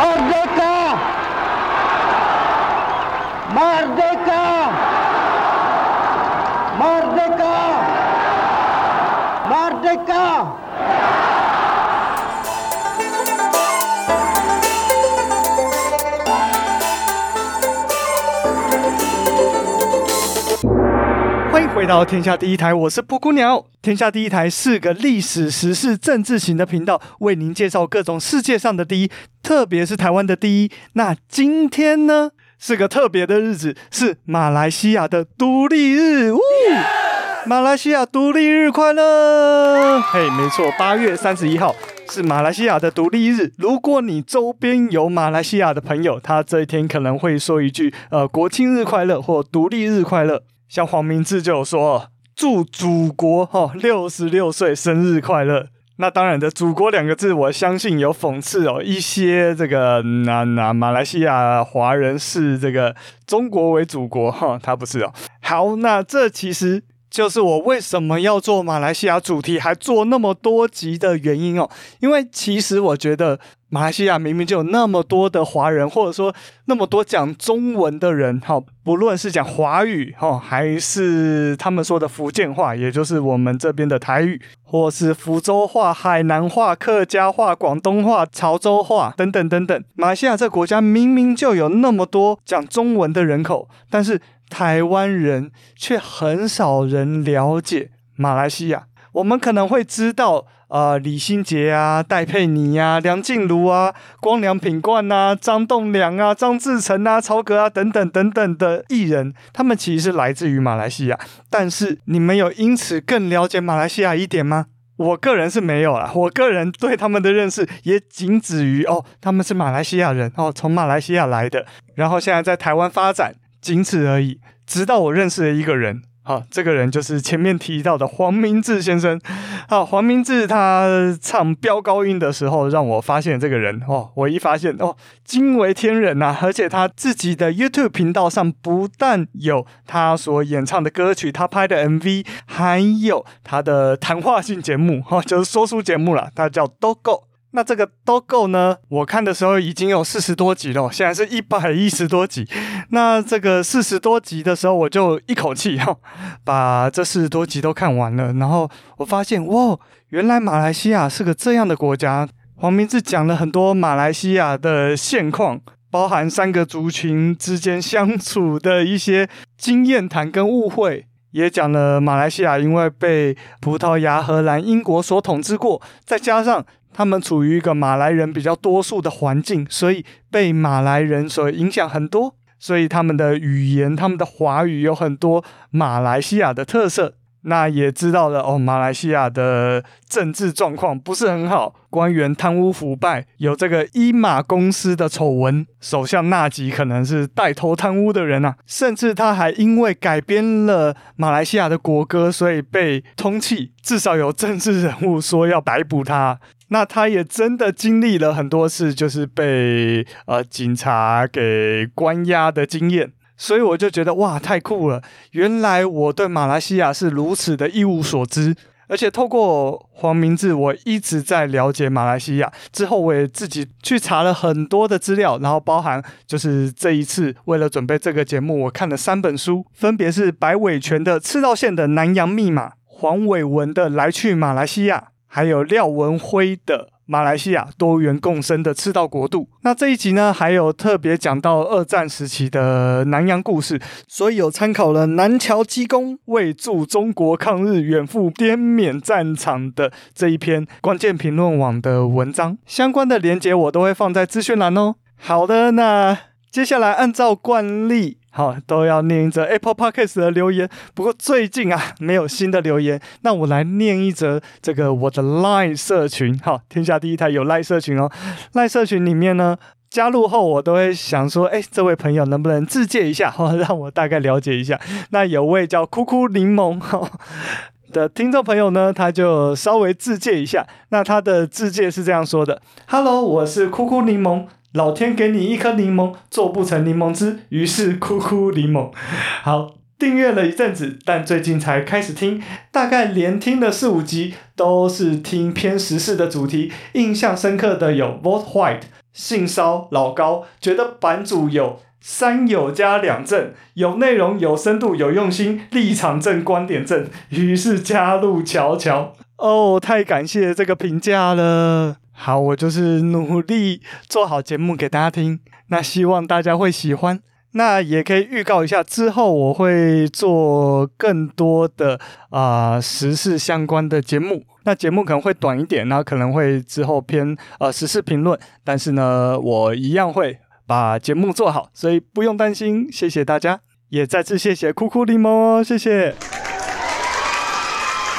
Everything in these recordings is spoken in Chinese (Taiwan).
馬德卡，馬德卡，馬德卡，馬德卡。歡迎回到天下第一台，我是布谷鳥。天下第一台是個歷史、時事、政治型的頻道，為您介紹各種世界上的第一。特別是台灣的第一，那今天呢是個特別的日子，是馬來西亞的獨立日，嗚！Yeah! 馬來西亞獨立日快樂！嘿 Yeah!、hey，沒錯，八月三十一號是馬來西亞的獨立日。如果你周邊有馬來西亞的朋友，他這一天可能會說一句：“呃，國慶日快樂”或“獨立日快樂”。像黃明志就有說：“祝祖國哦六十六歲生日快樂。”那當然的，祖國兩個字，我相信有諷刺哦。一些這個那那馬來西亞華人視這個中國為祖國哈，他不是哦。好，那這其實就是我為什麼要做馬來西亞主題，還做那麼多集的原因哦。因為其實我覺得。馬來西亞明明就有那麼多的華人，或者說那麼多講中文的人，哈，不論是講華語，哈，還是他們說的福建話，也就是我們這邊的台語，或是福州話、海南話、客家話、廣東話、潮州話等等等等。馬來西亞這國家明明就有那麼多講中文的人口，但是台灣人卻很少人了解馬來西亞。我們可能會知道。呃，李心潔啊，戴佩妮啊，梁靜茹啊，光良、品冠啊，張棟樑啊，張智成啊，曹格啊，等等等等的藝人，他們其實是來自於馬來西亞，但是你們有因此更了解馬來西亞一點嗎？我個人是沒有啦，我個人對他們的認識也僅止於哦，他們是馬來西亞人哦，從馬來西亞來的，然後現在在台灣發展，僅此而已。直到我認識了一個人。啊，這個人就是前面提到的黃明志先生。啊，黃明志他唱飆高音的時候，讓我發現這個人哦，我一發現哦，驚為天人吶、啊！而且他自己的 YouTube 頻道上不但有他所演唱的歌曲，他拍的 MV，還有他的談話性節目，哈、哦，就是說書節目了，他叫 DoGo。那這個《都夠呢，我看的時候已經有四十多集了，現在是一百一十多集。那這個四十多集的時候，我就一口氣、哦、把這四十多集都看完了。然後我發現，哇，原來馬來西亞是個這樣的國家。黃明志講了很多馬來西亞的現況，包含三個族群之間相處的一些經驗談跟誤會，也講了馬來西亞因為被葡萄牙、荷蘭、英國所統治過，再加上。他們處於一個馬來人比較多數的環境，所以被馬來人所影響很多，所以他們的語言，他們的華語有很多馬來西亞的特色。那也知道了哦，馬來西亞的政治狀況不是很好，官員貪污腐敗，有這個一馬公司的醜聞，首相納吉可能是帶頭貪污的人啊，甚至他還因為改編了馬來西亞的國歌，所以被通緝，至少有政治人物說要逮捕他。那他也真的經歷了很多次，就是被呃警察給關押的經驗。所以我就覺得哇，太酷了！原來我對馬來西亞是如此的一無所知，而且透過黃明志，我一直在了解馬來西亞。之後我也自己去查了很多的資料，然後包含就是這一次為了準備這個節目，我看了三本書，分別是白偉權的《赤道線的南洋密碼》，黃偉文的《來去馬來西亞》，還有廖文輝的。馬來西亞多元共生的赤道國度。那這一集呢，還有特別講到二戰時期的南洋故事，所以有參考了南僑機工為助中國抗日遠赴滇緬戰場的這一篇關鍵評論網的文章。相關的連結我都會放在資訊欄哦。好的，那接下來按照慣例。好，都要念一則 Apple Podcast 的留言。不過最近啊，沒有新的留言。那我來念一則這個我的 Line 社群。好，天下第一台有 Line 社群哦。 Line 社群裡面呢，加入後我都會想說，哎、欸，這位朋友能不能自介一下、哦，讓我大概了解一下。那有位叫酷酷檸檬哈、哦、的聽眾朋友呢，他就稍微自介一下。那他的自介是這樣說的 ：Hello，我是酷酷檸檬。老天給你一顆檸檬，做不成檸檬汁，於是哭哭檸檬。好，訂閱了一陣子，但最近才開始聽，大概連聽的四五集都是聽偏時事的主題。印象深刻的有 Vote White、性騷老高，覺得版主有三有加兩正，有內容、有深度、有用心，立場正、觀點正，於是加入瞧瞧。哦，太感謝這個評價了。好，我就是努力做好節目給大家聽，那希望大家會喜歡。那也可以預告一下，之後我會做更多的啊、呃、時事相關的節目。那節目可能會短一點，那可能會之後偏呃時事評論，但是呢，我一樣會把節目做好，所以不用擔心。謝謝大家，也再次謝謝酷酷檸摸哦，謝謝。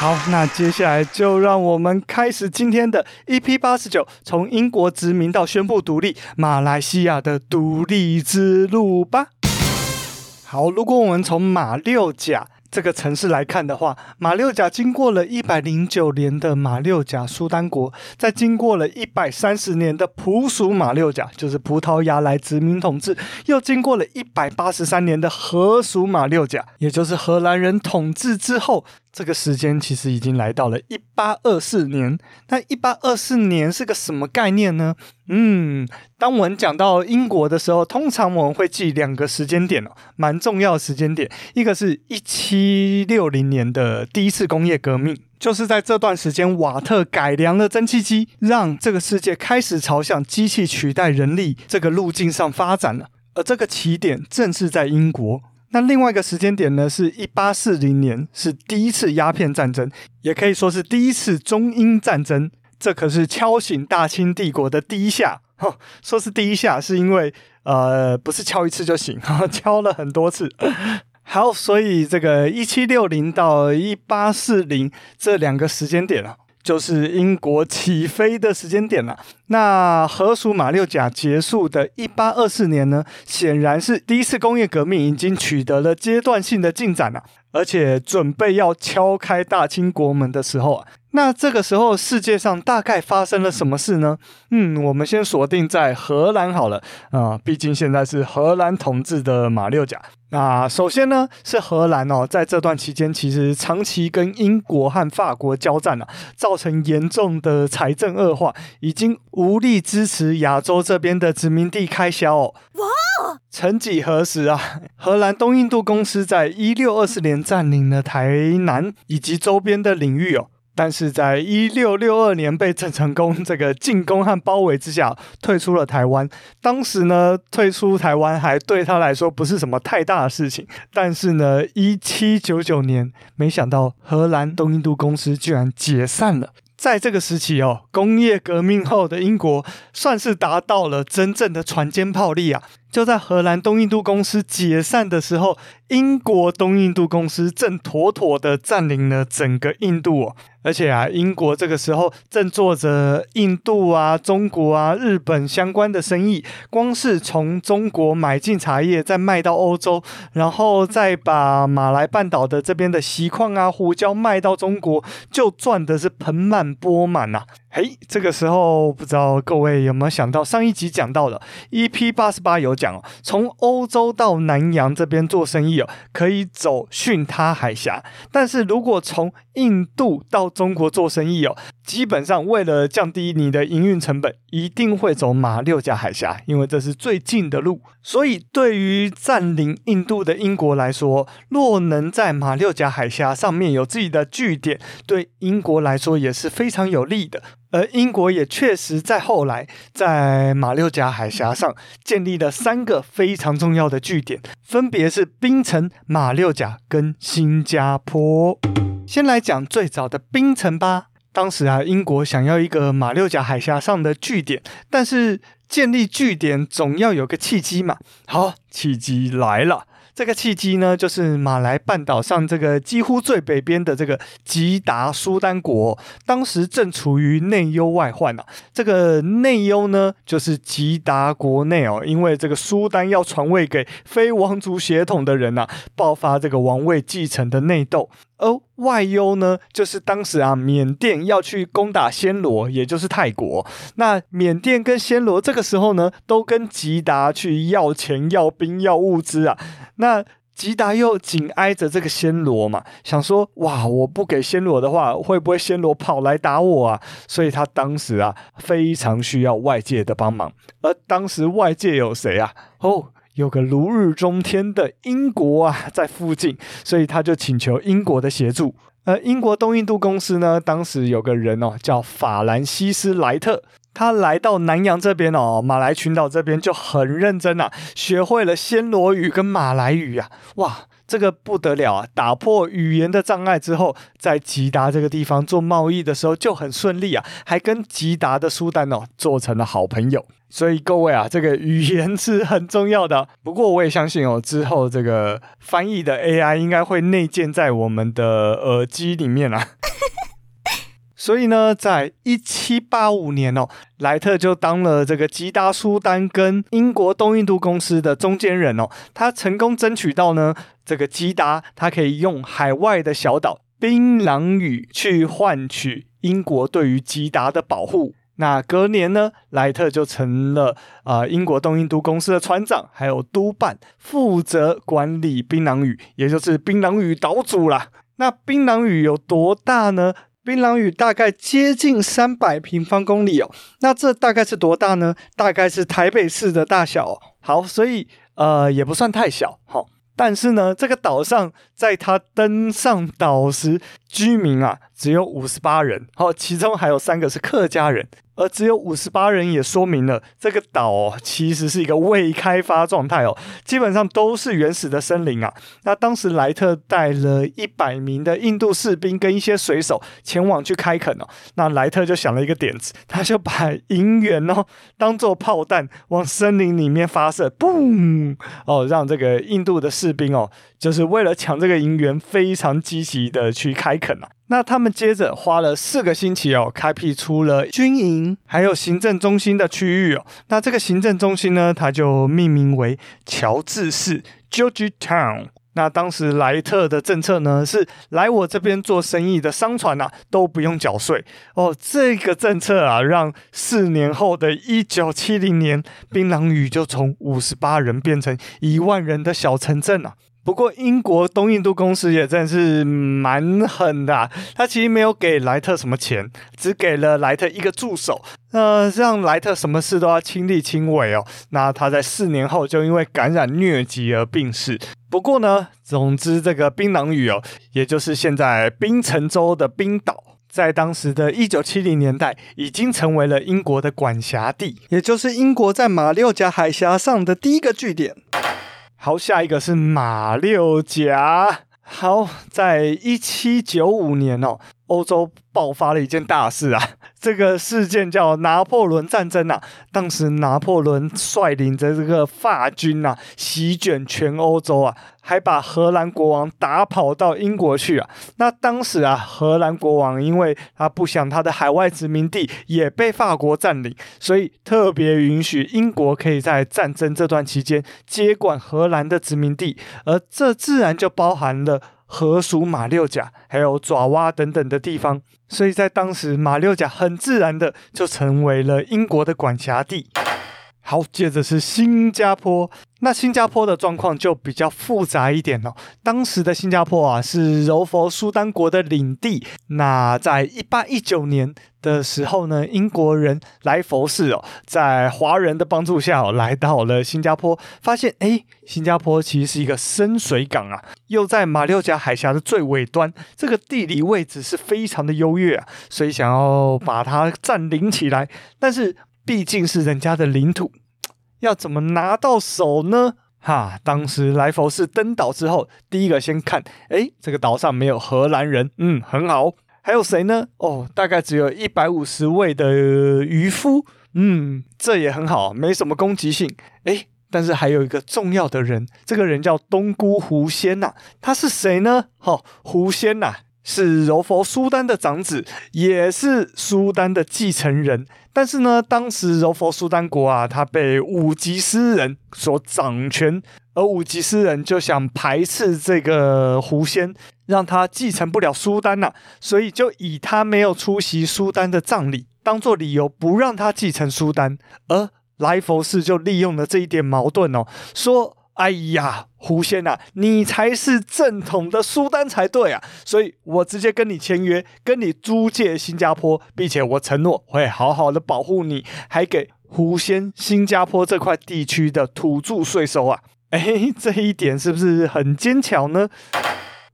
好，那接下來就讓我們開始今天的 EP 八十九，從英國殖民到宣布獨立，馬來西亞的獨立之路吧。好，如果我們從馬六甲這個城市來看的話，馬六甲經過了一百零九年的馬六甲蘇丹國，再經過了一百三十年的葡屬馬六甲，就是葡萄牙來殖民統治，又經過了一百八十三年的荷屬馬六甲，也就是荷蘭人統治之後。這個時間其實已經來到了一八二四年，那一八二四年是個什麼概念呢？嗯，當我們講到英國的時候，通常我們會記兩個時間點哦，蠻重要的時間點，一個是一七六零年的第一次工業革命，就是在這段時間，瓦特改良了蒸汽機，讓這個世界開始朝向機器取代人力這個路徑上發展了，而這個起點正是在英國。那另外一個時間點呢，是一八四零年，是第一次鴉片戰爭，也可以說是第一次中英戰爭。這可是敲醒大清帝國的第一下。哦、說是第一下，是因為呃，不是敲一次就醒，敲了很多次。 好，所以這個一七六零到一八四零這兩個時間點啊，就是英國起飛的時間點了、啊。那荷屬馬六甲結束的一八二四年呢，顯然是第一次工業革命已經取得了階段性的進展了，而且準備要敲開大清國門的時候啊，那這個時候世界上大概發生了什麼事呢？嗯，我們先鎖定在荷蘭好了啊，畢竟現在是荷蘭統治的馬六甲。那首先呢是荷蘭哦，在這段期間其實長期跟英國和法國交戰啊，造成嚴重的財政惡化，已經。無力支持亞洲這邊的殖民地開銷哦。哇！曾幾何時啊，荷蘭東印度公司在一六二四年占領了台南以及周邊的領域哦，但是在一六六二年被鄭成功這個進攻和包圍之下退出了台灣。當時呢，退出台灣還對他來說不是什麼太大的事情。但是呢，一七九九年，沒想到荷蘭東印度公司居然解散了。在這個時期哦，工業革命後的英國算是達到了真正的船堅炮利啊。就在荷蘭東印度公司解散的時候，英國東印度公司正妥妥的佔領了整個印度哦，而且啊，英國這個時候正做着印度啊、中國啊、日本相關的生意，光是從中國買進茶葉再賣到歐洲，然後再把馬來半島的這邊的錫礦啊、胡椒賣到中國，就賺的是盆滿缽滿吶。嘿，hey, 這個時候不知道各位有沒有想到，上一集講到了 EP88 有講哦，從歐洲到南洋這邊做生意哦，可以走巽他海峽，但是如果從印度到中國做生意哦，基本上為了降低你的營運成本，一定會走馬六甲海峽，因為這是最近的路。所以，對於佔領印度的英國來說，若能在馬六甲海峽上面有自己的據點，對英國來說也是非常有利的。而英國也確實在後來在馬六甲海峽上建立了三個非常重要的據點，分別是檳城、馬六甲跟新加坡。先來講最早的檳城吧。當時啊，英國想要一個馬六甲海峽上的據點，但是建立據點總要有個契機嘛。好，契機來了。這個契機呢，就是馬來半島上這個幾乎最北邊的這個吉達蘇丹國，當時正處於內憂外患啊。這個內憂呢，就是吉達國內哦，因為這個蘇丹要傳位給非王族血統的人吶、啊，爆發這個王位繼承的內鬥；而外憂呢，就是當時啊，緬甸要去攻打暹羅，也就是泰國。那緬甸跟暹羅這個時候呢，都跟吉達去要錢、要兵、要物資啊。那吉達又緊挨着這個暹羅嘛，想說哇，我不給暹羅的話，會不會暹羅跑來打我啊？所以他當時啊非常需要外界的幫忙，而當時外界有誰啊？哦，有個如日中天的英國啊在附近，所以他就請求英國的協助。呃，英國東印度公司呢，當時有個人哦叫法蘭西斯萊特。他來到南洋這邊哦，馬來群島這邊就很認真啊，學會了暹羅語跟馬來語啊，哇，這個不得了啊！打破語言的障礙之後，在吉達這個地方做貿易的時候就很順利啊，還跟吉達的蘇丹哦做成了好朋友。所以各位啊，這個語言是很重要的啊。不過我也相信哦，之後這個翻譯的 AI 應該會內建在我們的耳機裡面啊。 所以呢，在一七八五年哦，萊特就當了這個吉達蘇丹跟英國東印度公司的中間人哦。他成功爭取到呢，這個吉達他可以用海外的小島檳榔嶼去換取英國對於吉達的保護。那隔年呢，萊特就成了啊、呃、英國東印度公司的船長，還有督辦，負責管理檳榔嶼，也就是檳榔嶼島主啦。那檳榔嶼有多大呢？檳榔嶼大概接近三百平方公里哦，那這大概是多大呢？大概是台北市的大小哦。好，所以呃也不算太小，好、哦，但是呢，這個島上，在他登上島時，居民啊。只有五十八人，哦，其中還有三個是客家人，而只有五十八人也說明了這個島哦，其實是一個未開發狀態哦，基本上都是原始的森林啊。那當時萊特帶了一百名的印度士兵跟一些水手前往去開墾哦，那萊特就想了一個點子，他就把銀元哦當做炮彈往森林裡面發射，嘣哦，讓這個印度的士兵哦，就是為了搶這個銀元，非常積極的去開墾了啊。那他們接着花了四個星期哦，開闢出了軍營，還有行政中心的區域哦。那這個行政中心呢，它就命名為喬治市 （Georgetown）。那當時萊特的政策呢，是來我這邊做生意的商船吶、啊，都不用繳稅哦。這個政策啊，讓四年後的一九七零年，檳榔嶼就從五十八人變成一萬人的小城鎮啊。不過，英國東印度公司也真是蠻狠的啊。他其實沒有給萊特什麼錢，只給了萊特一個助手，呃，讓萊特什麼事都要親力親為哦。那他在四年後就因為感染瘧疾而病逝。不過呢，總之這個檳榔嶼哦，也就是現在檳城州的檳島，在當時的一九七零年代已經成為了英國的管轄地，也就是英國在馬六甲海峽上的第一個據點。好，下一個是馬六甲。好，在一七九五年哦。歐洲爆發了一件大事啊！這個事件叫拿破崙戰爭啊。當時拿破崙率領着這個法軍啊，席捲全歐洲啊，還把荷蘭國王打跑到英國去啊。那當時啊，荷蘭國王因為他不想他的海外殖民地也被法國佔領，所以特別允許英國可以在戰爭這段期間接管荷蘭的殖民地，而這自然就包含了。荷屬馬六甲還有爪哇等等的地方，所以在當時，馬六甲很自然的就成為了英國的管轄地。好，接着是新加坡。那新加坡的狀況就比較複雜一點了哦。當時的新加坡啊，是柔佛蘇丹國的領地。那在一八一九年的時候呢，英國人萊佛士哦，在華人的幫助下哦，來到了新加坡，發現哎，新加坡其實是一個深水港啊，又在馬六甲海峽的最尾端，這個地理位置是非常的優越啊，所以想要把它占領起來，但是。畢竟是人家的領土，要怎麼拿到手呢？哈，當時萊佛士登島之後，第一個先看，哎，這個島上沒有荷蘭人，嗯，很好。還有誰呢？哦，大概只有一百五十位的漁夫，嗯，這也很好，沒什麼攻擊性。哎，但是還有一個重要的人，這個人叫東姑胡仙吶、啊，他是誰呢？好、哦、胡仙吶、啊。是柔佛蘇丹的長子，也是蘇丹的繼承人。但是呢，當時柔佛蘇丹國啊，他被武吉斯人所掌權，而武吉斯人就想排斥這個胡仙，讓他繼承不了蘇丹吶、啊。所以就以他沒有出席蘇丹的葬禮當做理由，不讓他繼承蘇丹。而萊佛士就利用了這一點矛盾哦，說。哎呀，胡先啊，你才是正統的蘇丹才對啊！所以，我直接跟你簽約，跟你租借新加坡，並且我承諾會好好的保護你，還給胡先新加坡這塊地區的土著稅收啊！哎，這一點是不是很精巧呢？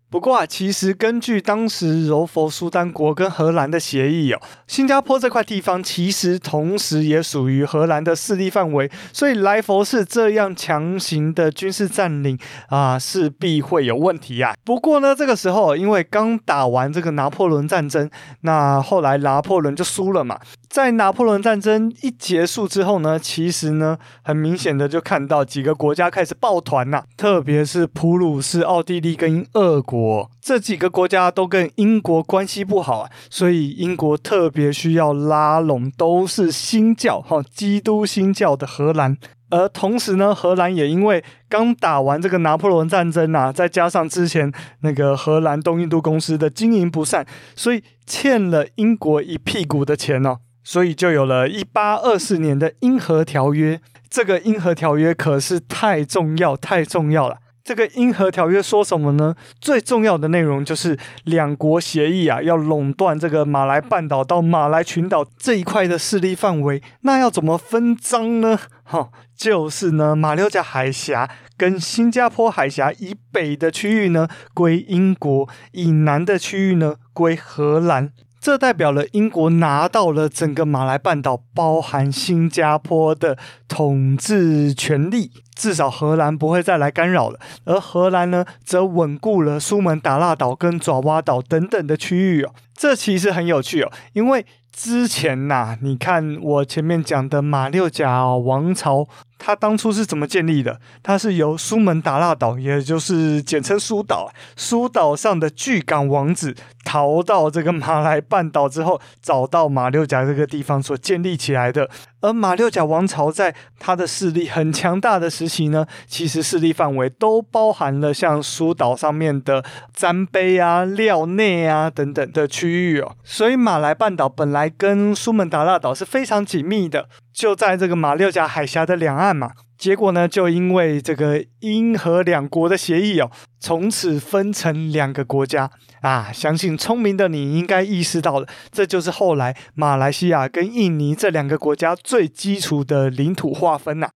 不過啊，其實根據當時柔佛蘇丹國跟荷蘭的協議哦，新加坡這塊地方其實同時也屬於荷蘭的勢力範圍，所以萊佛士這樣強行的軍事占領啊，勢必會有問題啊。不過呢，這個時候因為剛打完這個拿破崙戰爭，那後來拿破崙就輸了嘛。在拿破崙戰爭一結束之後呢，其實呢，很明顯的就看到幾個國家開始抱團吶啊，特別是普魯士、奧地利跟俄國這幾個國家都跟英國關係不好啊，所以英國特別需要拉攏都是新教哈基督新教的荷蘭，而同時呢，荷蘭也因為剛打完這個拿破崙戰爭啊，再加上之前那個荷蘭東印度公司的經營不善，所以欠了英國一屁股的錢哦。所以就有了一八二四年的英荷條約。這個英荷條約可是太重要、太重要了。這個英荷條約說什麼呢？最重要的內容就是兩國協議啊，要壟斷這個馬來半島到馬來群島這一塊的勢力範圍。那要怎麼分贓呢？哈、哦，就是呢，馬六甲海峽跟新加坡海峽以北的區域呢歸英國，以南的區域呢歸荷蘭。這代表了英國拿到了整個馬來半島，包含新加坡的統治權利。至少荷蘭不會再來干擾了，而荷蘭呢，則穩固了蘇門答臘島跟爪哇島等等的區域哦。這其實很有趣哦，因為之前吶、啊，你看我前面講的馬六甲王朝。他當初是怎麼建立的？它是由蘇門答臘島，也就是簡稱蘇島，蘇島上的巨港王子逃到這個馬來半島之後，找到馬六甲這個地方所建立起來的。而馬六甲王朝在它的勢力很強大的時期呢，其實勢力範圍都包含了像蘇島上面的占碑啊、廖內啊等等的區域哦。所以馬來半島本來跟蘇門答臘島是非常緊密的，就在這個馬六甲海峽的兩岸嘛。結果呢？就因為這個英荷兩國的協議哦，從此分成兩個國家啊！相信聰明的你應該意識到了，這就是後來馬來西亞跟印尼這兩個國家最基礎的領土劃分吶，啊。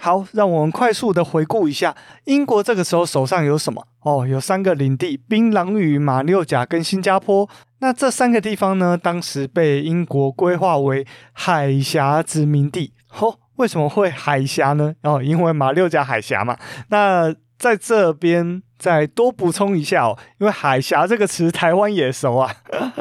好，讓我們快速的回顧一下，英國這個時候手上有什麼？哦，有三個領地：檳榔嶼、馬六甲跟新加坡。那這三個地方呢，當時被英國規劃為海峽殖民地。哦為什麼會海峽呢？哦，因為馬六甲海峽嘛。那在這邊再多補充一下哦，因為海峽這個詞台灣也熟啊。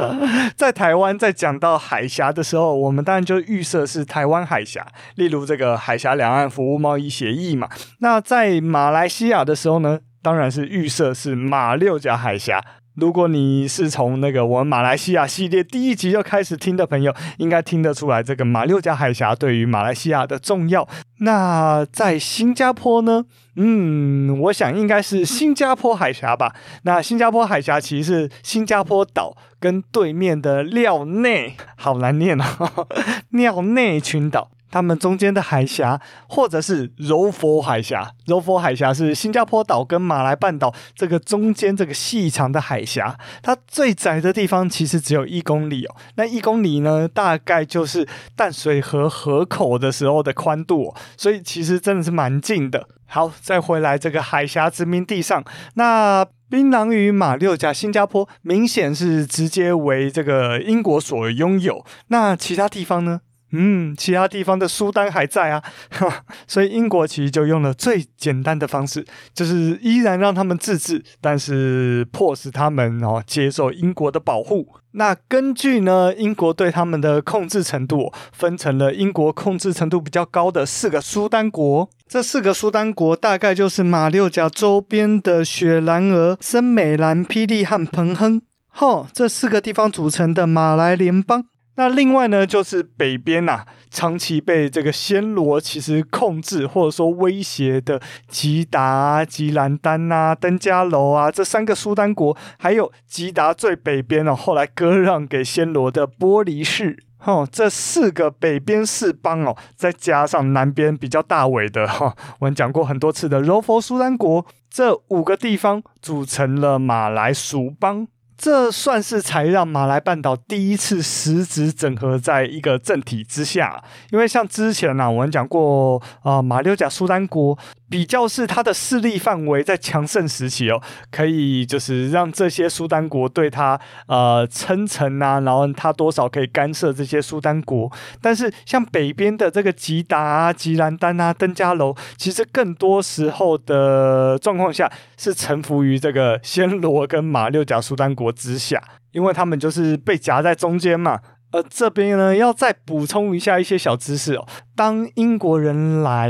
在台灣在講到海峽的時候，我們當然就預設是台灣海峽，例如這個海峽兩岸服務貿易協議嘛。那在馬來西亞的時候呢，當然是預設是馬六甲海峽。如果你是從那個我們馬來西亞系列第一集就開始聽的朋友，應該聽得出來這個馬六甲海峽對於馬來西亞的重要。那在新加坡呢？嗯，我想應該是新加坡海峽吧。那新加坡海峽其實是新加坡島跟對面的廖內，好難念啊、哦，廖內群島。他們中間的海峽，或者是柔佛海峽。柔佛海峽是新加坡島跟馬來半島這個中間這個細長的海峽，它最窄的地方其實只有一公里哦。那一公里呢，大概就是淡水河河口的時候的寬度哦。所以其實真的是蠻近的。好，再回來這個海峽殖民地上，那檳榔嶼、馬六甲、新加坡，明顯是直接為這個英國所擁有。那其他地方呢？嗯，其他地方的蘇丹還在啊，哈，所以英國其實就用了最簡單的方式，就是依然讓他們自治，但是迫使他們哦接受英國的保護。那根據呢，英國對他們的控制程度，哦，分成了英國控制程度比較高的四個蘇丹國。這四個蘇丹國大概就是馬六甲周邊的雪蘭莪、森美蘭、霹靂和、彭亨，哈、哦，這四個地方組成的馬來聯邦。那另外呢，就是北邊吶、啊，長期被這個暹羅其實控制或者說威脅的吉達、啊、吉蘭丹吶、啊、登嘉樓啊這三個蘇丹國，還有吉達最北邊哦、啊、後來割讓給暹羅的玻璃市，哦，這四個北邊四邦哦，再加上南邊比較大尾的哈、哦，我們講過很多次的柔佛蘇丹國，這五個地方組成了馬來屬邦。這算是才讓馬來半島第一次實質整合在一個政體之下，因為像之前呢、啊，我們講過啊、呃，馬六甲蘇丹國。比較是他的勢力範圍，在強盛時期哦，可以就是讓這些蘇丹國對他呃稱臣啊，然後他多少可以干涉這些蘇丹國。但是像北邊的這個吉達啊、吉蘭丹啊、登嘉樓，其實更多時候的狀況下是臣服於這個暹羅跟馬六甲蘇丹國之下，因為他們就是被夾在中間嘛。呃，而這邊呢，要再補充一下一些小知識哦。當英國人來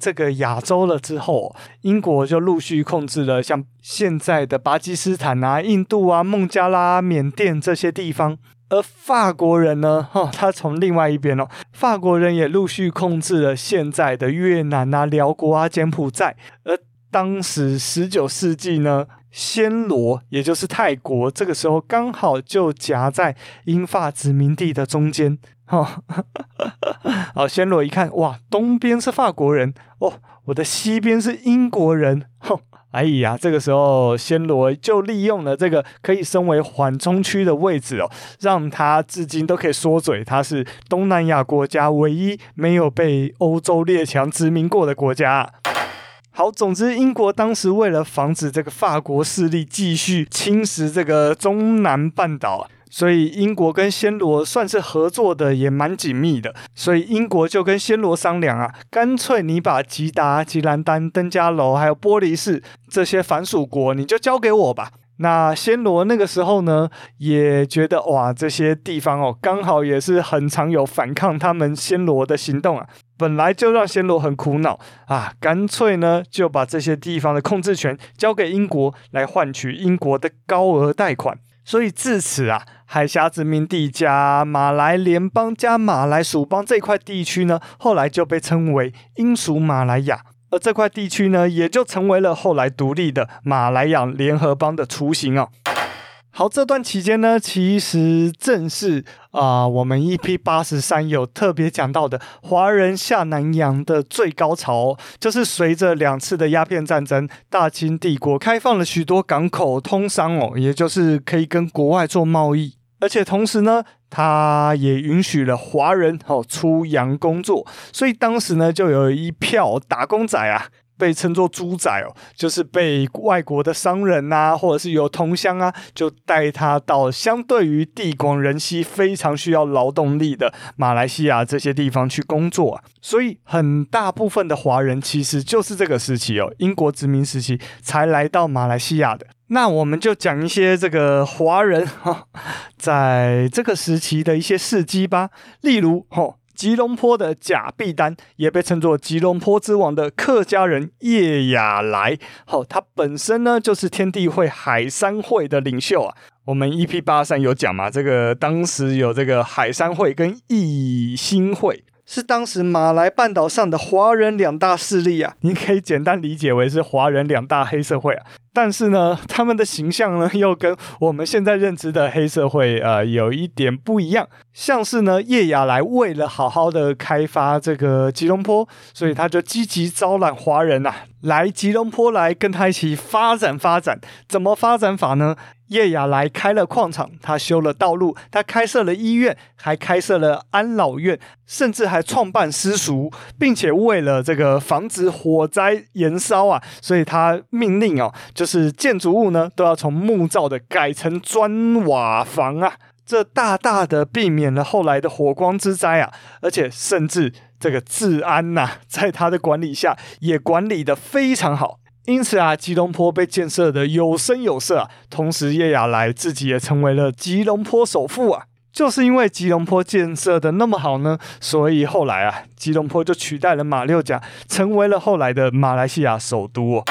這個亞洲了之後，英國就陸續控制了像現在的巴基斯坦啊、印度啊、孟加拉、緬甸這些地方。而法國人呢，哈、哦，他從另外一邊哦，法國人也陸續控制了現在的越南啊、寮國啊、柬埔寨。而當時十九世紀呢，暹羅，也就是泰國，這個時候剛好就夾在英法殖民地的中間。哈， 好，暹羅一看，哇，東邊是法國人哦，我的西邊是英國人。哼，哎呀，這個時候暹羅就利用了這個可以升為緩衝區的位置哦，讓它至今都可以說嘴。它是東南亞國家唯一沒有被歐洲列強殖民過的國家。好，總之，英國當時為了防止這個法國勢力繼續侵蝕這個中南半島，啊，所以英國跟暹羅算是合作的，也蠻緊密的。所以英國就跟暹羅商量啊，乾脆你把吉達、吉蘭丹、登加樓還有玻璃市這些藩屬國，你就交給我吧。那暹羅那個時候呢，也覺得哇，這些地方哦，剛好也是很常有反抗他們暹羅的行動啊。本來就讓暹羅很苦惱啊，乾脆呢就把這些地方的控制權交給英國，來換取英國的高額貸款。所以自此啊，海峽殖民地加馬來聯邦加馬來屬邦這塊地區呢，後來就被稱為英屬馬來亞，而這塊地區呢，也就成為了後來獨立的馬來亞聯合邦的雛形啊、哦。好，這段期間呢，其實正是啊、呃，我們 EP 八十三有特別講到的華人下南洋的最高潮，哦，就是隨着兩次的鴉片戰爭，大清帝國開放了許多港口通商哦，也就是可以跟國外做貿易，而且同時呢，他也允許了華人哦出洋工作，所以當時呢，就有一票打工仔啊。被稱作豬仔哦，就是被外國的商人啊，或者是有同鄉啊，就帶他到相對於地廣人稀、非常需要勞動力的馬來西亞這些地方去工作啊。所以很大部分的華人其實就是這個時期哦，英國殖民時期才來到馬來西亞的。那我們就講一些這個華人哈，在這個時期的一些事蹟吧，例如吼。吉隆坡的甲必丹也被稱作吉隆坡之王的客家人葉亞來，好、哦，他本身呢就是天地會海山會的領袖啊。我們 EP 八三有講嘛，這個當時有這個海山會跟義興會是當時馬來半島上的華人兩大勢力啊，你可以簡單理解為是華人兩大黑社會啊。但是呢，他們的形象呢又跟我們現在認知的黑社會呃有一點不一樣，像是呢葉亞來為了好好的開發這個吉隆坡，所以他就積極招攬華人啊，來吉隆坡來跟他一起發展發展，怎麼發展法呢？葉亞來開了礦場，他修了道路，他開設了醫院，還開設了安老院，甚至還創辦私塾，並且為了這個防止火災延燒啊，所以他命令哦，就是建築物呢都要從木造的改成磚瓦房啊，這大大的避免了後來的火光之災啊，而且甚至這個治安吶、啊，在他的管理下也管理的非常好。因此啊，吉隆坡被建設的有聲有色啊，同時葉亞來自己也成為了吉隆坡首富啊，就是因為吉隆坡建設的那麼好呢，所以後來啊，吉隆坡就取代了馬六甲，成為了後來的馬來西亞首都。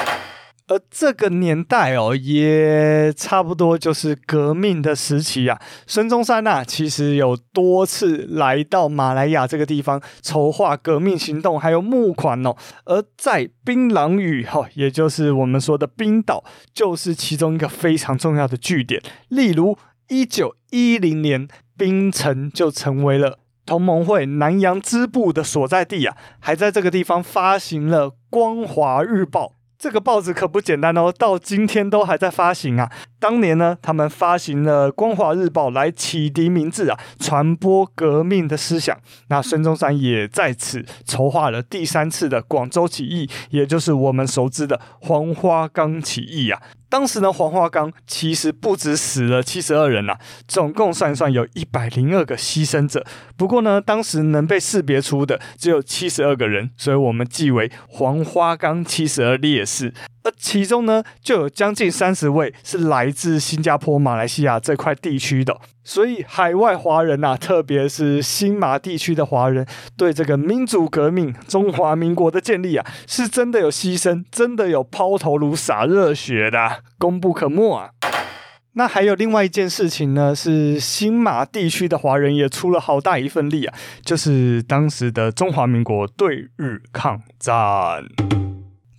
而這個年代哦，也差不多就是革命的時期啊。孫中山吶，其實有多次來到馬來亞這個地方籌劃革命行動，還有募款哦。而在檳榔嶼哈，也就是我們說的檳島，就是其中一個非常重要的據點。例如，一九一零年，檳城就成為了同盟會南洋支部的所在地啊，還在這個地方發行了《光華日報》。這個報紙可不簡單哦，到今天都還在發行啊。當年呢，他們發行了《光華日報》來啟迪民智啊，傳播革命的思想。那孫中山也在此籌劃了第三次的廣州起義，也就是我們熟知的黃花崗起義呀、啊。當時呢，黃花崗其實不止死了七十二人吶、啊，總共算一算有一百零二個犧牲者。不過呢，當時能被識別出的只有七十二個人，所以我們記為黃花崗七十二烈士。而其中呢，就有將近三十位是來自新加坡、馬來西亞這塊地區的。所以，海外華人啊，特別是新馬地區的華人，對這個民主革命、中華民國的建立啊，是真的有犧牲，真的有拋頭顱、灑熱血的啊，功不可沒啊。那還有另外一件事情呢，是新馬地區的華人也出了好大一份力啊，就是當時的中華民國對日抗戰。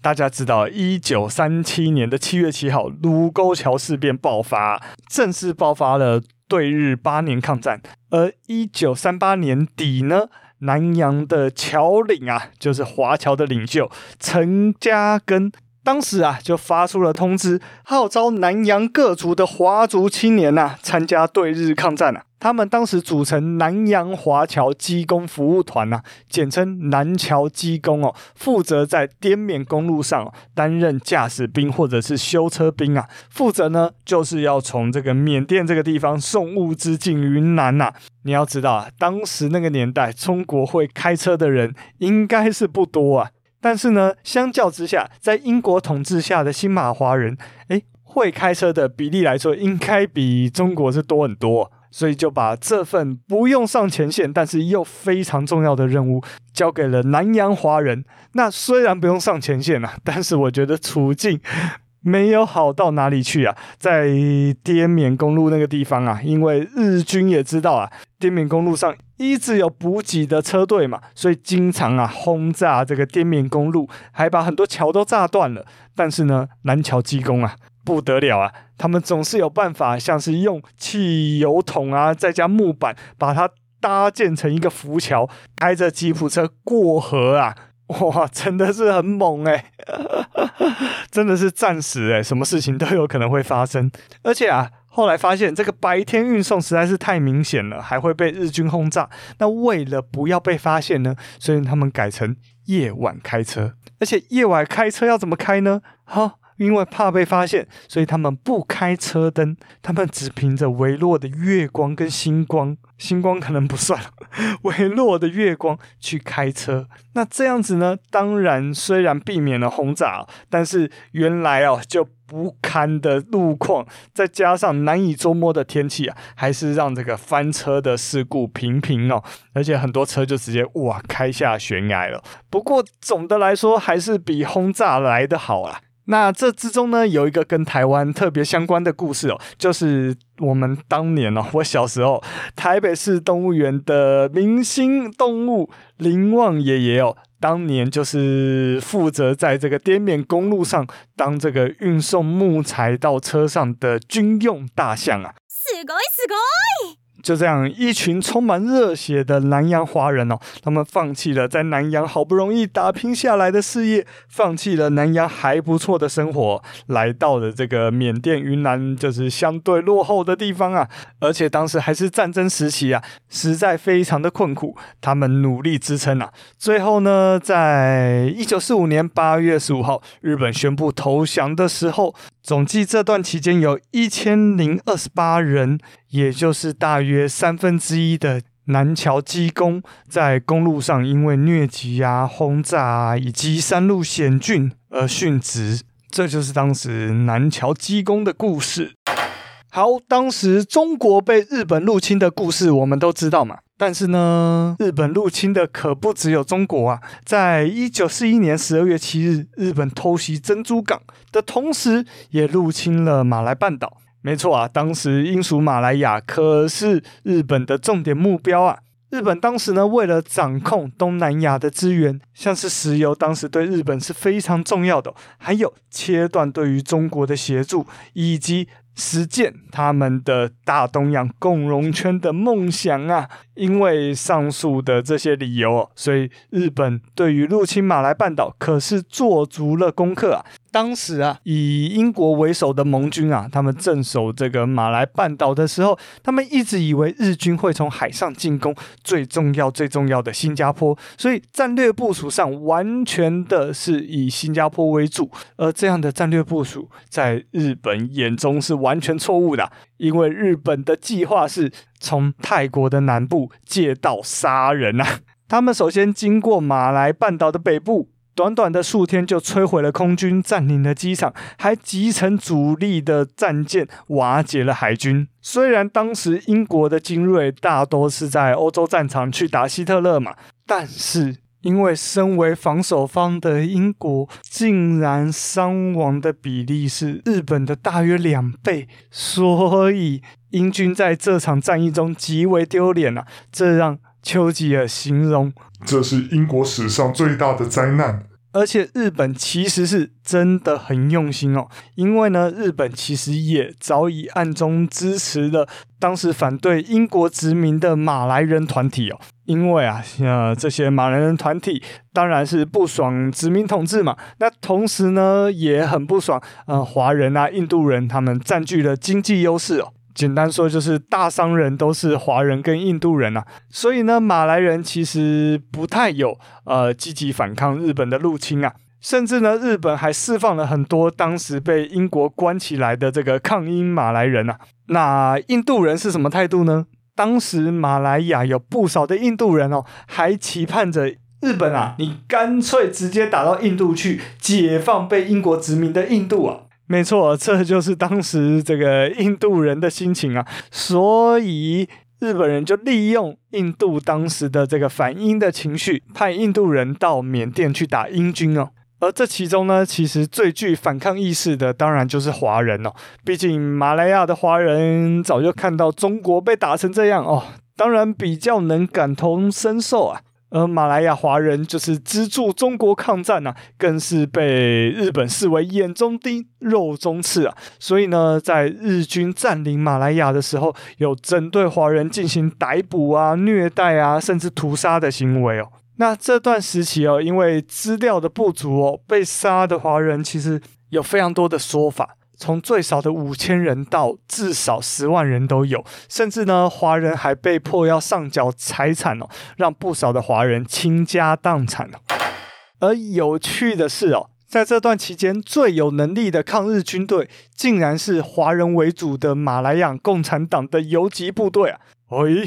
大家知道，一九三七年的七月七號，盧溝橋事變爆發，正式爆發了。對日八年抗戰，而一九三八年底呢，南洋的僑領啊，就是華僑的領袖陳嘉庚，當時啊就發出了通知，號召南洋各族的華族青年吶、啊，參加對日抗戰吶、啊。他們當時組成南洋華僑機工服務團吶、啊，簡稱南僑機工哦，負責在滇緬公路上、哦、擔任駕駛兵或者是修車兵啊。負責呢就是要從這個緬甸這個地方送物資進雲南吶、啊。你要知道啊，當時那個年代中國會開車的人應該是不多啊，但是呢，相較之下，在英國統治下的新馬華人，哎，會開車的比例來說，應該比中國是多很多。所以就把這份不用上前線，但是又非常重要的任務交給了南洋華人。那雖然不用上前線啊，但是我覺得處境沒有好到哪裡去啊。在滇緬公路那個地方啊，因為日軍也知道啊，滇緬公路上一直有補給的車隊嘛，所以經常啊轟炸這個滇緬公路，還把很多橋都炸斷了。但是呢，南僑機工啊。不得了啊！他們總是有辦法，像是用汽油桶啊，再加木板，把它搭建成一個浮橋，開着吉普車過河啊！哇，真的是很猛哎、欸， 真的是戰時哎、欸，什麼事情都有可能會發生。而且啊，後來發現這個白天運送實在是太明顯了，還會被日軍轟炸。那為了不要被發現呢，所以他們改成夜晚開車。而且夜晚開車要怎麼開呢？哈。因為怕被發現，所以他們不開車燈，他們只憑着微弱的月光跟星光，星光可能不算，微弱的月光去開車。那這樣子呢？當然，雖然避免了轟炸，但是原來哦就不堪的路況，再加上難以捉摸的天氣啊，還是讓這個翻車的事故頻頻哦。而且很多車就直接哇開下懸崖了。不過總的來說，還是比轟炸來得好啊。那這之中呢，有一個跟台灣特別相關的故事哦，就是我們當年哦，我小時候台北市動物園的明星動物林旺爺爺哦，當年就是負責在這個滇緬公路上當這個運送木材到車上的軍用大象啊。超級超級就這樣，一群充滿熱血的南洋華人哦，他們放棄了在南洋好不容易打拼下來的事業，放棄了南洋還不錯的生活，來到了這個緬甸雲南，就是相對落後的地方啊。而且當時還是戰爭時期啊，實在非常的困苦。他們努力支撐啊，最後呢，在一九四五年八月十五號，日本宣布投降的時候。總計這段期間有一千零二十八人，也就是大約三分之一的南橋機工，在公路上因為瘧疾啊、轟炸啊，以及山路險峻而殉職。這就是當時南橋機工的故事。好，當時中國被日本入侵的故事，我們都知道嘛。但是呢，日本入侵的可不只有中國啊！在一九四一年十二月七日，日本偷襲珍珠港的同時，也入侵了馬來半島。沒錯啊，當時英屬馬來亞可是日本的重點目標啊！日本當時呢，為了掌控東南亞的資源，像是石油，當時對日本是非常重要的，還有切斷對於中國的協助，以及。實踐他們的大東亞共榮圈的夢想啊！因為上述的這些理由，所以日本對於入侵馬來半島可是做足了功課啊。當時啊，以英國為首的盟軍啊，他們鎮守這個馬來半島的時候，他們一直以為日軍會從海上進攻最重要、最重要的新加坡，所以戰略部署上完全的是以新加坡為主。而這樣的戰略部署，在日本眼中是完全錯誤的，因為日本的計劃是從泰國的南部借道殺人啊。他們首先經過馬來半島的北部。短短的數天就摧毀了空軍佔領了機場，還集成主力的戰艦瓦解了海軍。雖然當時英國的精銳大多是在歐洲戰場去打希特勒嘛，但是因為身為防守方的英國竟然傷亡的比例是日本的大約兩倍，所以英軍在這場戰役中極為丟臉啊！這讓丘吉爾形容這是英國史上最大的災難。而且日本其實是真的很用心哦，因為呢，日本其實也早已暗中支持了當時反對英國殖民的馬來人團體哦，因為啊，呃，這些馬來人團體當然是不爽殖民統治嘛，那同時呢，也很不爽呃，華人啊、印度人他們佔據了經濟優勢哦。簡單說就是大商人都是華人跟印度人吶、啊，所以呢，馬來人其實不太有呃積極反抗日本的入侵啊，甚至呢日本還釋放了很多當時被英國關起來的這個抗英馬來人吶、啊。那印度人是什麼態度呢？當時馬來亞有不少的印度人哦，還期盼着日本啊，你乾脆直接打到印度去，解放被英國殖民的印度啊。沒錯，這就是當時這個印度人的心情啊，所以日本人就利用印度當時的這個反英的情緒，派印度人到緬甸去打英軍哦。而這其中呢，其實最具反抗意識的，當然就是華人哦。畢竟馬來亞的華人早就看到中國被打成這樣哦，當然比較能感同身受啊。而馬來亞華人就是資助中國抗戰吶、啊，更是被日本視為眼中釘、肉中刺啊。所以呢，在日軍占領馬來亞的時候，有針對華人進行逮捕啊、虐待啊，甚至屠殺的行為哦。那這段時期哦，因為資料的不足哦，被殺的華人其實有非常多的說法。從最少的五千人到至少十萬人都有，甚至呢，華人還被迫要上繳財產哦，讓不少的華人傾家蕩產哦。而有趣的是哦，在這段期間，最有能力的抗日軍隊，竟然是華人為主的馬來亞共產黨的游擊部隊啊。喂，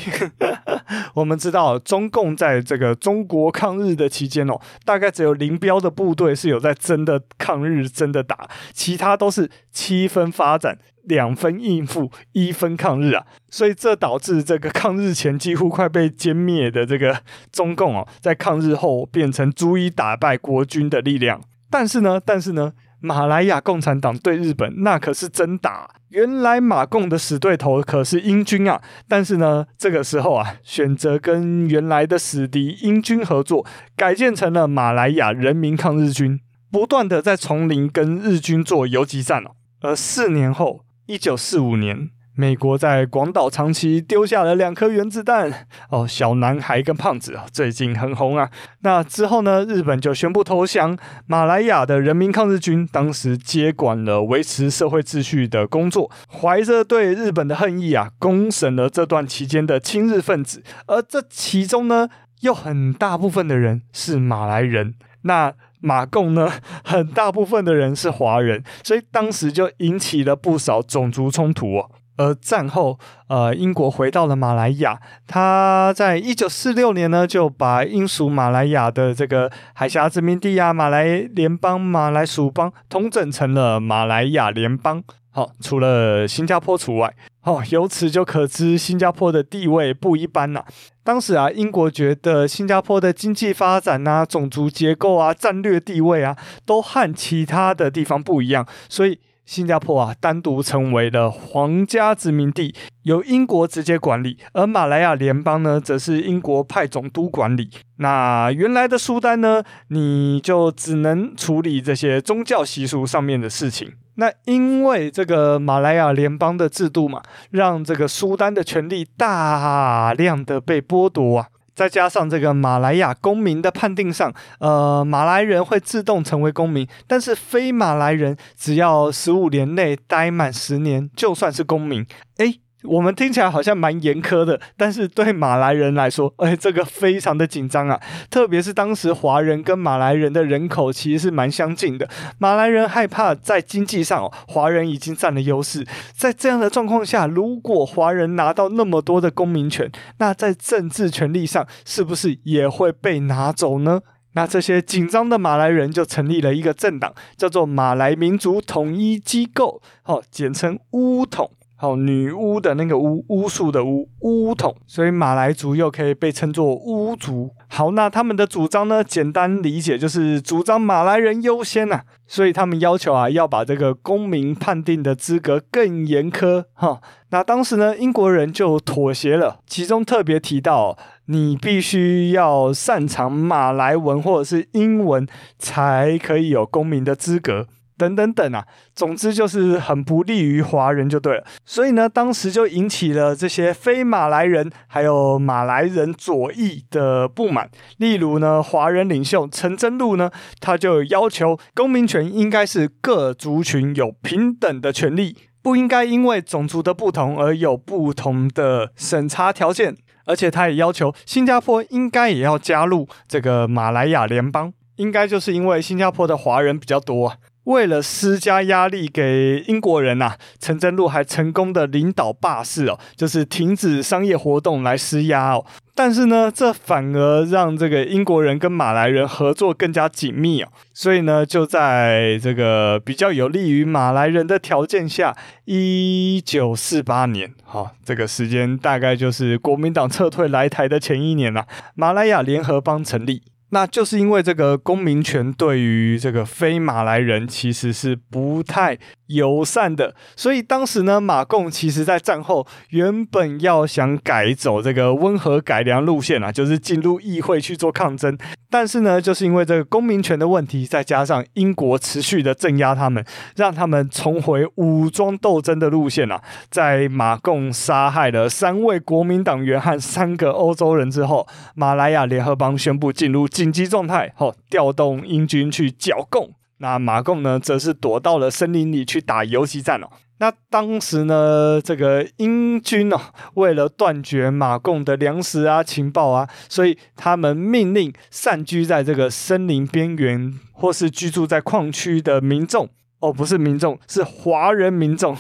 我們知道中共在這個中國抗日的期間哦，大概只有林彪的部隊是有在真的抗日，真的打，其他都是七分發展、兩分應付、一分抗日啊。所以這導致這個抗日前幾乎快被殲滅的這個中共哦，在抗日後變成足以打敗國軍的力量。但是呢，但是呢，馬來亞共產黨對日本那可是真打啊。原來馬共的死對頭可是英軍啊，但是呢，這個時候啊，選擇跟原來的死敵英軍合作，改建成了馬來亞人民抗日軍，不斷的在叢林跟日軍做游擊戰哦。而四年後，一九四五年。美國在廣島、長崎丟下了兩顆原子彈。哦，小男孩跟胖子最近很紅啊。那之後呢，日本就宣布投降。馬來亞的人民抗日軍當時接管了維持社會秩序的工作，懷着對日本的恨意啊，公審了這段期間的親日分子。而這其中呢，又很大部分的人是馬來人，那馬共呢，很大部分的人是華人，所以當時就引起了不少種族衝突哦。而戰後，呃，英國回到了馬來亞。他在一九四六年呢，就把英屬馬來亞的這個海峽殖民地啊、馬來聯邦、馬來屬邦，統整成了馬來亞聯邦。好、哦，除了新加坡除外。哦，由此就可知新加坡的地位不一般吶、啊。當時啊，英國覺得新加坡的經濟發展啊、種族結構啊、戰略地位啊，都和其他的地方不一樣，所以。新加坡啊，單獨成為了皇家殖民地，由英國直接管理；而馬來亞聯邦呢，則是英國派總督管理。那原來的蘇丹呢，你就只能處理這些宗教習俗上面的事情。那因為這個馬來亞聯邦的制度嘛，讓這個蘇丹的權力大量的被剝奪啊。再加上這個馬來亞公民的判定上，呃，馬來人會自動成為公民，但是非馬來人只要十五年內待滿十年，就算是公民。哎。我們聽起來好像蠻嚴苛的，但是對馬來人來說，哎，這個非常的緊張啊！特別是當時華人跟馬來人的人口其實是蠻相近的，馬來人害怕在經濟上、哦、華人已經佔了優勢，在這樣的狀況下，如果華人拿到那麼多的公民權，那在政治權利上是不是也會被拿走呢？那這些緊張的馬來人就成立了一個政黨，叫做馬來民族統一機構，哦，簡稱巫統。好，女巫的那個巫，巫術的巫，巫統，所以馬來族又可以被稱作巫族。好，那他們的主張呢？簡單理解就是主張馬來人優先吶，啊。所以他們要求啊，要把這個公民判定的資格更嚴苛。哈，那當時呢，英國人就妥協了，其中特別提到哦，你必須要擅長馬來文或者是英文，才可以有公民的資格。等等等啊，總之就是很不利於華人就對了。所以呢，當時就引起了這些非馬來人還有馬來人左翼的不滿。例如呢，華人領袖陳禎祿呢，他就要求公民權應該是各族群有平等的權利，不應該因為種族的不同而有不同的審查條件。而且他也要求新加坡應該也要加入這個馬來亞聯邦，應該就是因為新加坡的華人比較多啊。為了施加壓力給英國人吶、啊，陳禎祿還成功的領導罷市哦，就是停止商業活動來施壓哦。但是呢，這反而讓這個英國人跟馬來人合作更加緊密哦。所以呢，就在這個比較有利於馬來人的條件下，一九四八年，哈、哦，這個時間大概就是國民黨撤退來台的前一年了、啊。馬來亞聯合邦成立。那就是因為這個公民權對於這個非馬來人其實是不太友善的，所以當時呢，馬共其實在戰後原本要想改走這個溫和改良路線啊，就是進入議會去做抗爭，但是呢，就是因為這個公民權的問題，再加上英國持續的鎮壓他們，讓他們重回武裝鬥爭的路線啊，在馬共殺害了三位國民黨員和三個歐洲人之後，馬來亞聯合邦宣布進入緊急狀態後，調動英軍去剿共。那馬共呢，則是躲到了森林裡去打游擊戰了、哦。那當時呢，這個英軍呢、哦，為了斷絕馬共的糧食啊、情報啊，所以他們命令散居在這個森林邊緣或是居住在礦區的民眾哦，不是民眾，是華人民眾。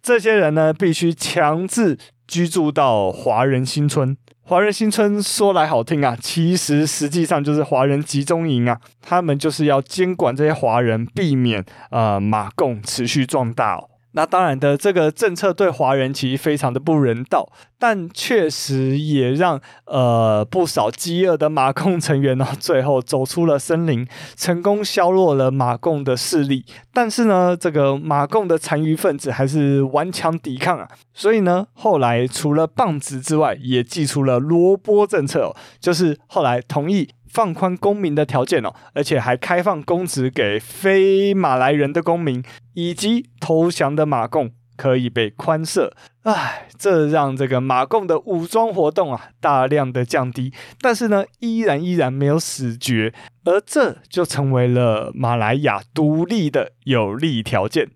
這些人呢，必須強制居住到華人新村。華人新村說來好聽啊，其實實際上就是華人集中營啊，他們就是要監管這些華人，避免呃馬共持續壯大哦。那當然的，這個政策對華人其實非常的不人道，但確實也讓呃不少飢餓的馬共成員呢、哦，最後走出了森林，成功削弱了馬共的勢力。但是呢，這個馬共的殘餘分子還是頑強抵抗啊，所以呢，後來除了棒子之外，也祭出了蘿蔔政策、哦，就是後來同意。放寬公民的條件哦，而且還開放公職給非馬來人的公民，以及投降的馬共可以被寬赦。唉，這讓這個馬共的武裝活動啊，大量的降低，但是呢，依然依然沒有死絕，而這就成為了馬來亞獨立的有利條件。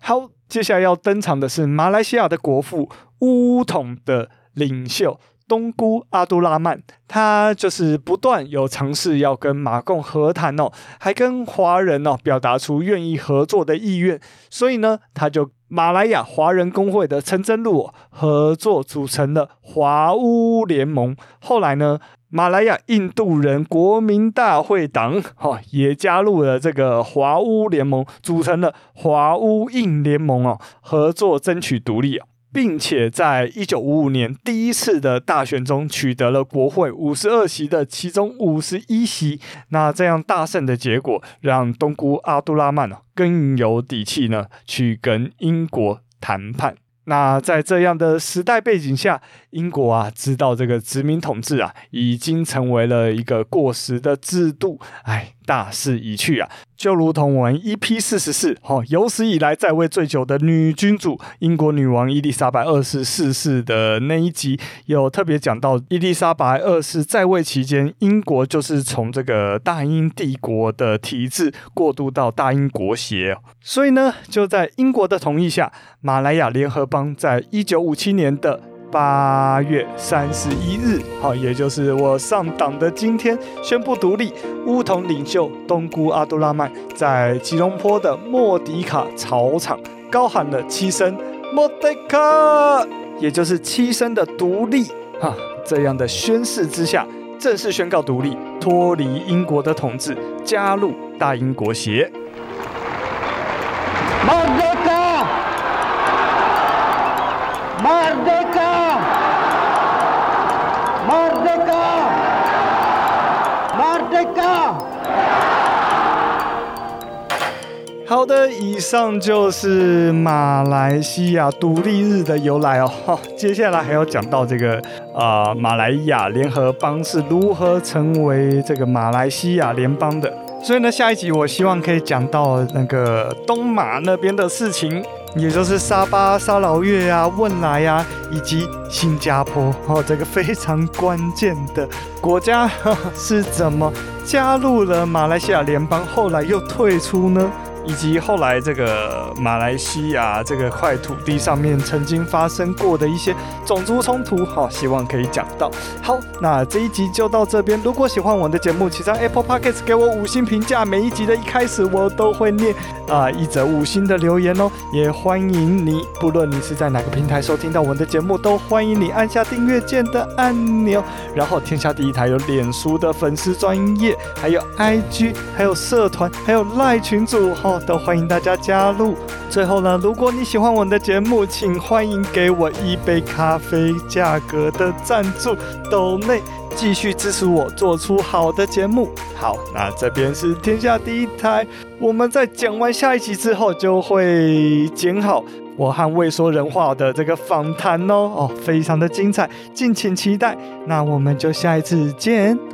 好，接下來要登場的是馬來西亞的國父，巫統的領袖，東姑阿都拉曼，他就是不斷有嘗試要跟馬共和談哦，還跟華人哦表達出願意合作的意願，所以呢，他就馬來亞華人公會的陳禎祿合作，組成了華巫聯盟。後來呢，馬來亞印度人國民大會黨也加入了這個華巫聯盟，組成了華巫印聯盟哦，合作爭取獨立啊。並且在一九五五年第一次的大選中，取得了國會五十二席的其中五十一席。那這樣大勝的結果，讓東姑阿杜拉曼更有底氣呢，去跟英國談判。那在這樣的時代背景下，英國啊知道這個殖民統治啊已經成為了一個過時的制度，哎，大勢已去啊。就如同我們 EP 四十四，有史以來在位最久的女君主英國女王伊麗莎白二世逝世的那一集，有特別講到伊麗莎白二世在位期間，英國就是從這個大英帝國的體制過渡到大英國協，所以呢，就在英國的同意下，馬來亞聯合邦在一九五七年的八月三十一日，好，也就是我上檔的今天，宣布獨立。巫統領袖東姑阿杜拉曼在吉隆坡的莫迪卡草場高喊了七聲“莫迪卡”，也就是七聲的獨立。哈，這樣的宣誓之下，正式宣告獨立，脫離英國的統治，加入大英國協。好的，以上就是馬來西亞獨立日的由來哦，哦。接下來還要講到這個啊、呃，馬來亞聯合邦是如何成為這個馬來西亞聯邦的。所以呢，下一集我希望可以講到那個東馬那邊的事情，也就是沙巴、沙撈越啊、汶萊啊以及新加坡哦，這個非常關鍵的國家是怎麼加入了馬來西亞聯邦，後來又退出呢？以及後來這個馬來西亞這個塊土地上面曾經發生過的一些種族衝突，好、哦，希望可以講到。好，那這一集就到這邊。如果喜歡我的節目，請在 Apple Podcast 給我五星評價。每一集的一開始，我都會念啊、呃、一則五星的留言哦。也歡迎你，不論你是在哪個平台收聽到我們的節目，都歡迎你按下訂閱鍵的按鈕，然後天下第一台有臉書的粉絲專頁，還有 I G，還有社團，還有賴群組，好、哦。都歡迎大家加入。最後呢，如果你喜歡我們的節目，請歡迎給我一杯咖啡價格的贊助，鬥內繼續支持我做出好的節目。好，那這邊是天下第一台，我們在講完下一集之後就會剪好我和未說人話的這個訪談哦，哦，非常的精彩，敬請期待。那我們就下一次見。